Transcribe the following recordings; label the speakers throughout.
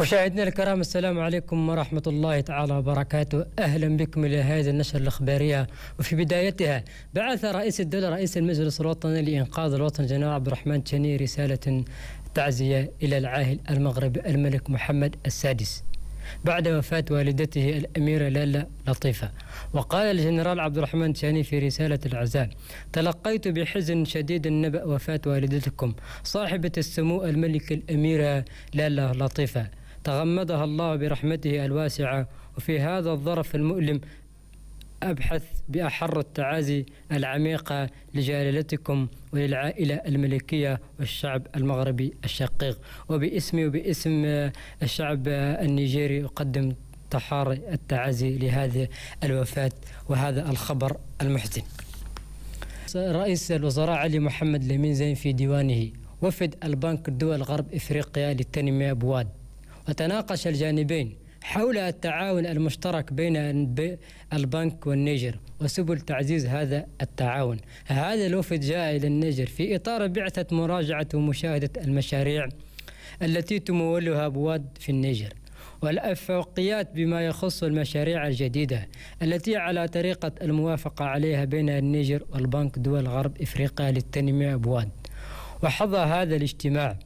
Speaker 1: مشاهدينا الكرام السلام عليكم ورحمة الله تعالى وبركاته أهلا بكم إلى هذه النشرة الإخبارية وفي بدايتها بعث رئيس الدولة رئيس المجلس الوطني لإنقاذ الوطن جناب عبد الرحمن تشني رسالة تعزية إلى العاهل المغربي الملك محمد السادس بعد وفاة والدته الأميرة لالا لطيفة وقال الجنرال عبد الرحمن تشاني في رسالة العزاء تلقيت بحزن شديد نبأ وفاة والدتكم صاحبة السمو الملكة الأميرة لالا لطيفة تغمدها الله برحمته الواسعة وفي هذا الظرف المؤلم أبحث بأحر التعازي العميقة لجلالتكم وللعائلة الملكية والشعب المغربي الشقيق وباسمي وباسم الشعب النيجيري أقدم تحار التعازي لهذه الوفاة وهذا الخبر المحزن رئيس الوزراء علي محمد لمين زين في ديوانه وفد البنك الدول غرب إفريقيا للتنمية بواد وتناقش الجانبين حول التعاون المشترك بين البنك والنيجر وسبل تعزيز هذا التعاون هذا الوفد جاء إلى النيجر في إطار بعثة مراجعة ومشاهدة المشاريع التي تمولها بواد في النيجر والأفوقيات بما يخص المشاريع الجديدة التي على طريقة الموافقة عليها بين النيجر والبنك دول غرب إفريقيا للتنمية بواد وحظى هذا الاجتماع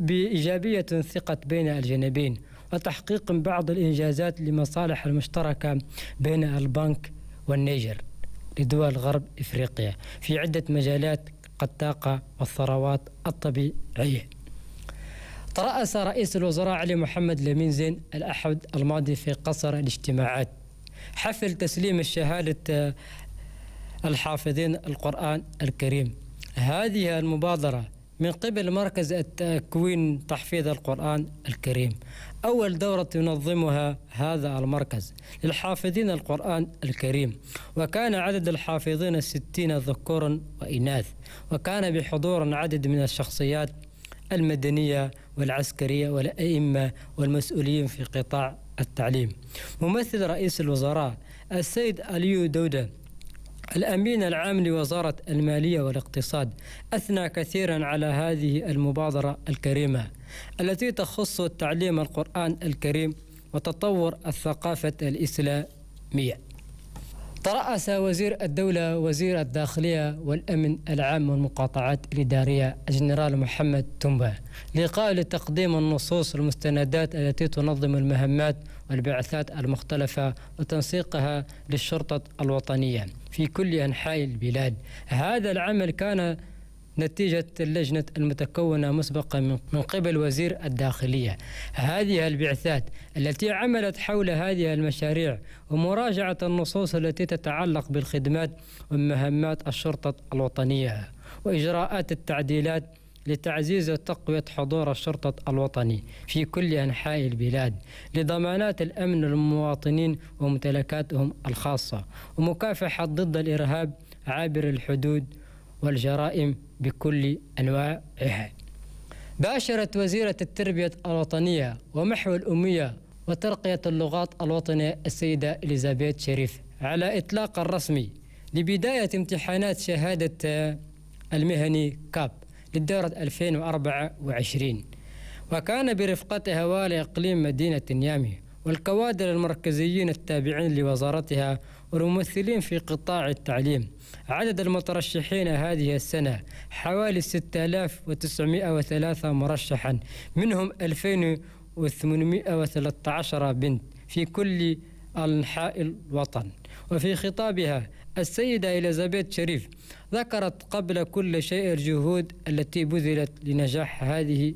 Speaker 1: بإيجابية ثقة بين الجانبين وتحقيق بعض الإنجازات لمصالح المشتركة بين البنك والنيجر لدول غرب إفريقيا في عدة مجالات الطاقة والثروات الطبيعية ترأس رئيس الوزراء علي محمد لمين زين الأحد الماضي في قصر الاجتماعات حفل تسليم الشهادة الحافظين القرآن الكريم هذه المبادرة من قبل مركز التكوين تحفيظ القرآن الكريم أول دورة ينظمها هذا المركز للحافظين القرآن الكريم وكان عدد الحافظين ستين ذكورا وإناث وكان بحضور عدد من الشخصيات المدنية والعسكرية والأئمة والمسؤولين في قطاع التعليم ممثل رئيس الوزراء السيد أليو دودة الأمين العام لوزارة المالية والاقتصاد أثنى كثيرا على هذه المبادرة الكريمة التي تخص تعليم القرآن الكريم وتطور الثقافة الإسلامية ترأس وزير الدولة وزير الداخلية والأمن العام والمقاطعات الإدارية الجنرال محمد تومبا لقاء لتقديم النصوص والمستندات التي تنظم المهمات والبعثات المختلفة وتنسيقها للشرطة الوطنية في كل أنحاء البلاد هذا العمل كان نتيجة اللجنة المتكونة مسبقا من قبل وزير الداخلية هذه البعثات التي عملت حول هذه المشاريع ومراجعة النصوص التي تتعلق بالخدمات ومهمات الشرطة الوطنية وإجراءات التعديلات لتعزيز وتقوية حضور الشرطة الوطني في كل أنحاء البلاد لضمانات الأمن للمواطنين وممتلكاتهم الخاصة ومكافحة ضد الإرهاب عابر الحدود والجرائم بكل أنواعها باشرت وزيرة التربية الوطنية ومحو الأمية وترقية اللغات الوطنية السيدة إليزابيث شريف على إطلاق الرسمي لبداية امتحانات شهادة المهني كاب للدورة 2024 وكان برفقتها والي إقليم مدينة نيامي والكوادر المركزيين التابعين لوزارتها والممثلين في قطاع التعليم عدد المترشحين هذه السنة حوالي 6903 مرشحا منهم 2813 بنت في كل أنحاء الوطن وفي خطابها السيدة إليزابيث شريف ذكرت قبل كل شيء الجهود التي بذلت لنجاح هذه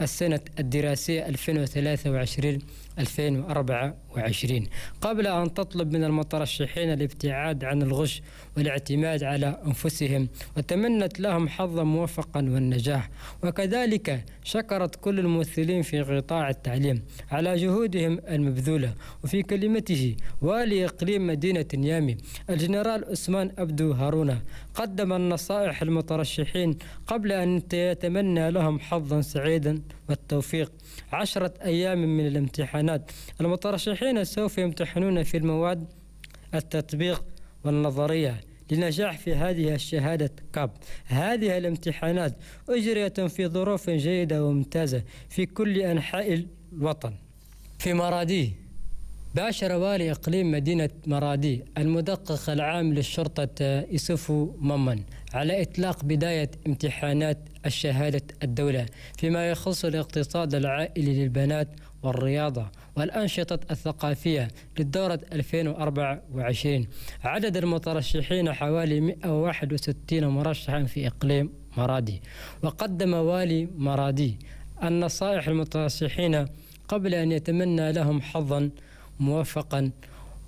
Speaker 1: السنة الدراسية 2023 2024 قبل أن تطلب من المترشحين الابتعاد عن الغش والاعتماد على أنفسهم وتمنت لهم حظا موفقا والنجاح وكذلك شكرت كل الممثلين في قطاع التعليم على جهودهم المبذولة وفي كلمته والي إقليم مدينة نيامي الجنرال أسمان أبدو هارونا قدم النصائح المترشحين قبل أن يتمنى لهم حظا سعيدا والتوفيق عشرة أيام من الامتحانات المترشحين سوف يمتحنون في المواد التطبيق والنظرية للنجاح في هذه الشهادة كاب هذه الامتحانات أجريت في ظروف جيدة وممتازة في كل أنحاء الوطن في مراديه باشر والي إقليم مدينة مرادي المدقق العام للشرطة يوسفو ممن على إطلاق بداية امتحانات الشهادة الدولة فيما يخص الاقتصاد العائلي للبنات والرياضة والأنشطة الثقافية للدورة 2024 عدد المترشحين حوالي 161 مرشحا في إقليم مرادي وقدم والي مرادي النصائح المترشحين قبل أن يتمنى لهم حظا موفقا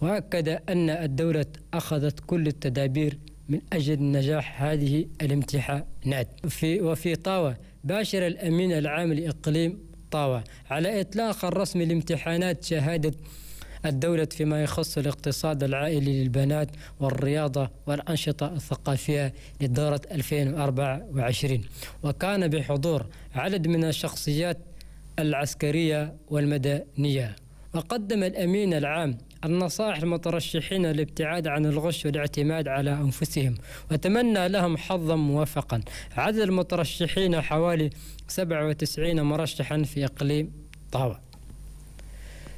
Speaker 1: وأكد أن الدولة أخذت كل التدابير من أجل نجاح هذه الامتحانات في وفي طاوة باشر الأمين العام لإقليم طاوة على إطلاق الرسم لامتحانات شهادة الدولة فيما يخص الاقتصاد العائلي للبنات والرياضة والأنشطة الثقافية لدورة 2024 وكان بحضور عدد من الشخصيات العسكرية والمدنية وقدم الأمين العام النصائح المترشحين للابتعاد عن الغش والاعتماد على أنفسهم وتمنى لهم حظا موفقا عدد المترشحين حوالي 97 مرشحا في إقليم طاوة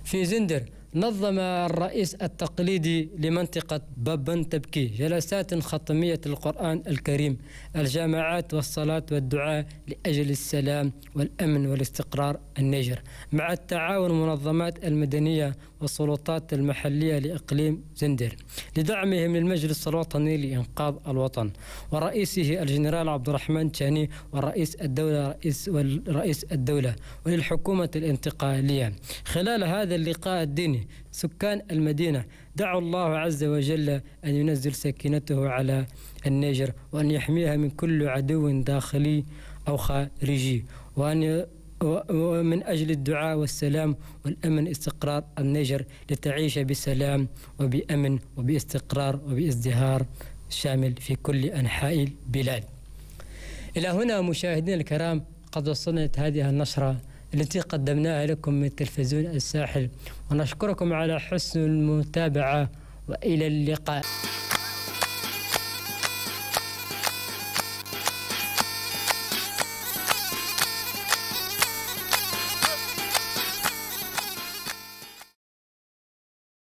Speaker 1: في زندر نظم الرئيس التقليدي لمنطقة بابن تبكي جلسات خطمية القرآن الكريم الجامعات والصلاة والدعاء لأجل السلام والأمن والاستقرار النيجر مع التعاون منظمات المدنية والسلطات المحلية لإقليم زندر لدعمهم للمجلس الوطني لإنقاذ الوطن ورئيسه الجنرال عبد الرحمن تشاني ورئيس الدولة رئيس والرئيس الدولة وللحكومة الانتقالية خلال هذا اللقاء الديني سكان المدينة دعوا الله عز وجل أن ينزل سكينته على النيجر وأن يحميها من كل عدو داخلي أو خارجي وأن ومن أجل الدعاء والسلام والأمن استقرار النيجر لتعيش بسلام وبأمن وباستقرار وبازدهار شامل في كل أنحاء البلاد إلى هنا مشاهدينا الكرام قد وصلنا هذه النشرة التي قدمناها لكم من تلفزيون الساحل ونشكركم على حسن المتابعة وإلى اللقاء